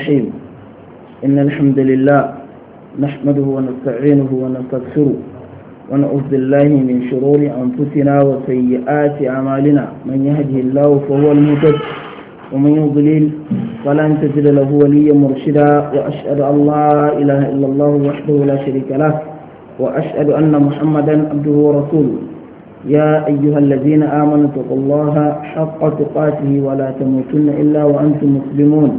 الرحيم إن الحمد لله نحمده ونستعينه ونستغفره ونعوذ بالله من شرور أنفسنا وسيئات أعمالنا من يهده الله فهو المهتد ومن يضلل فلن تجد له وليا مرشدا وأشهد أن لا إله إلا الله وحده لا شريك له وأشهد أن محمدا عبده ورسوله يا أيها الذين آمنوا اتقوا الله حق تقاته ولا تموتن إلا وأنتم مسلمون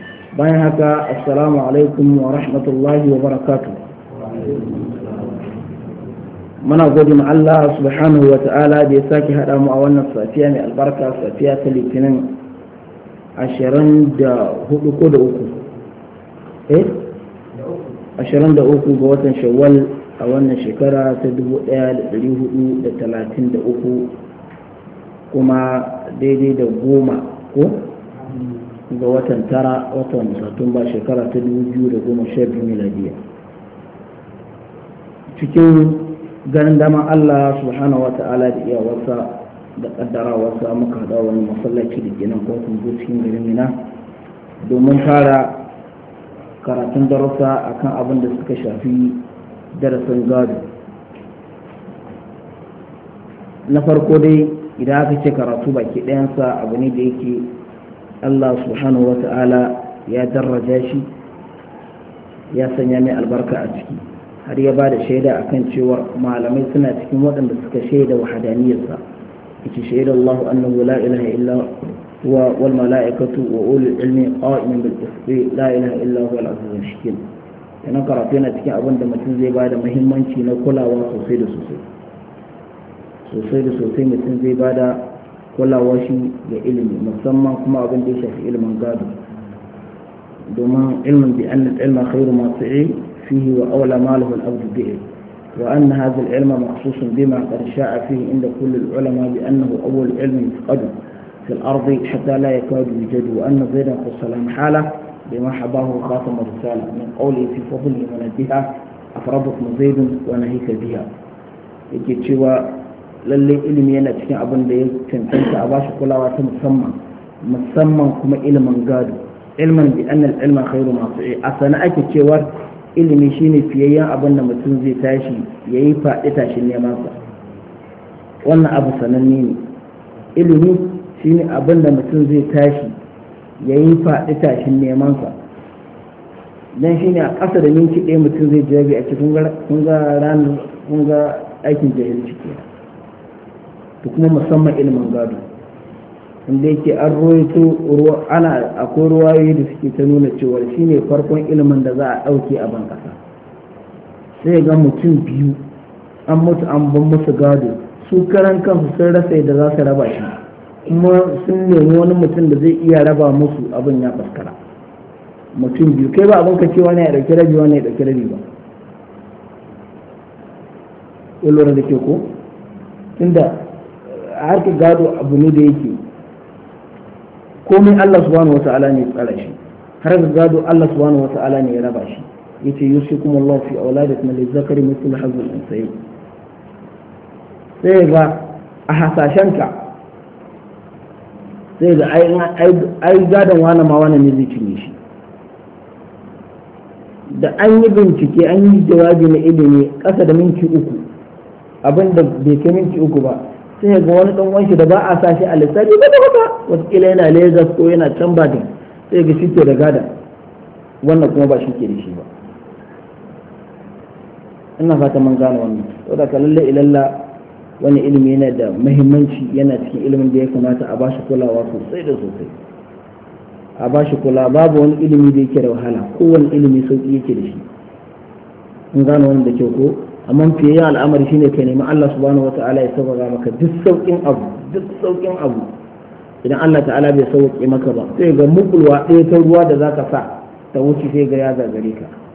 bayan haka assalamu alaikum wa rahmatullahi wa barakatu muna godin Allah subhanahu wa ta'ala da ya sake haɗa mu a wannan safiya mai albarka safiya ta litinin ashirin da hudu ko da uku eh ashirin da uku ga watan shawwal a wannan shekara ta dubu ɗaya da da talatin da uku kuma daidai da goma ko ga watan tara watan satumba shekara ta dubu da goma 2012 miladiya cikin ganin dama Allah wata ta'ala da iyawarsa da wasa muka haɗa wani masallaci da ginin kotun cikin garin mina domin fara karatun darussa akan abin da suka shafi darasin gado na farko dai idan aka ce karatu baki ɗayansa abu ne da yake Allah subhanahu wa ta'ala ya darraja shi ya sanya mai albarka a ciki har ya ba da shaida a kan cewa malamai suna cikin waɗanda suka shaida wa hadaniyarsa ita shaida Allah annahu la ilaha illa huwa wal mala'ikatu wa ulul ilmi qa'iman bil qisti la ilaha illa huwa al azizul hakim yana karatu yana cikin abin da mutum zai ba da muhimmanci na kulawa sosai da sosai sosai da sosai mutum zai ba da kulawa shi da ilimi musamman kuma abin da ya shafi ilimin gado domin ilmin bi annal ilma khairu ma sa'i fihi wa awla maluhu al-abd bihi wa anna hadha al-ilma makhsusun bima qad sha'a fihi inda kulli al-ulama bi annahu awwal ilmin yufqadu في الأرض حتى لا يكاد يوجد وأن زيدا السلام حالة بما حباه خاتم الرسالة من قوله في afradat منبها wa nahika biha yake cewa lalle ilimi yana cikin abin da ya cancanta a bashi kulawa ta musamman musamman kuma ilimin gado ilimin bi anna ilimin ilma khairu ma a sana ake cewar ilimi shine fiyayyen abin da mutum zai tashi yayi faɗi tashin neman sa wannan abu sananne ne ilimi shine abin da mutum zai tashi yayi faɗi tashin neman sa dan shine a ƙasa da minti ɗaya mutum zai jabi a cikin kunga ranar kunga aikin jahilci kenan da kuma musamman ilimin gado inda yake an roito ana akwai ruwayoyi da suke ta nuna cewa shine farkon ilimin da za a ɗauke a ban ƙasa sai ga mutum biyu an mutu an ban musu gado su karan kansu sun rasa yadda za su raba shi kuma sun nemi wani mutum da zai iya raba musu abin ya baskara mutum biyu kai ba abin ka ce wani ya ɗauki rabi wani ya ɗauki rabi ba ya da ke ko tunda harkar gado abu ne da yake komai Allah subhanahu wata'ala ne tsara shi har harkar gado Allah subhanahu wata'ala ne ya raba shi yace kuma Allah fi auladikum zakari mithlu hazzul unsayi sai ga a ka, sai ga ai gadon wani ma wani ne zai cinye shi da an yi bincike an yi jawabi na ilimi ƙasa da minti uku abin da bai kai minti uku ba sai ga wani dan wanki da ba a sa shi a lissafi ba ba kila yana lezas ko yana can ba sai ga shi ke da gada wannan kuma ba shi ke da shi ba ina fata man gane wannan to da kallalle ilalla wani ilimi yana da muhimmanci yana cikin ilimin da ya kamata a bashi kulawa sosai da sosai a bashi kula babu wani ilimi da yake da wahala kowane ilimi sauki yake da shi in gane wannan da kyau ko amma fiye ya al'amari shine ka nemi Allah subhanahu wata'ala ya sauƙaƙa maka duk sauƙin abu duk sauƙin abu idan Allah ta'ala bai sauƙi maka ba sai ga mukulwa ɗaya ta ruwa da zaka sa ta wuce sai ga ya zagare ka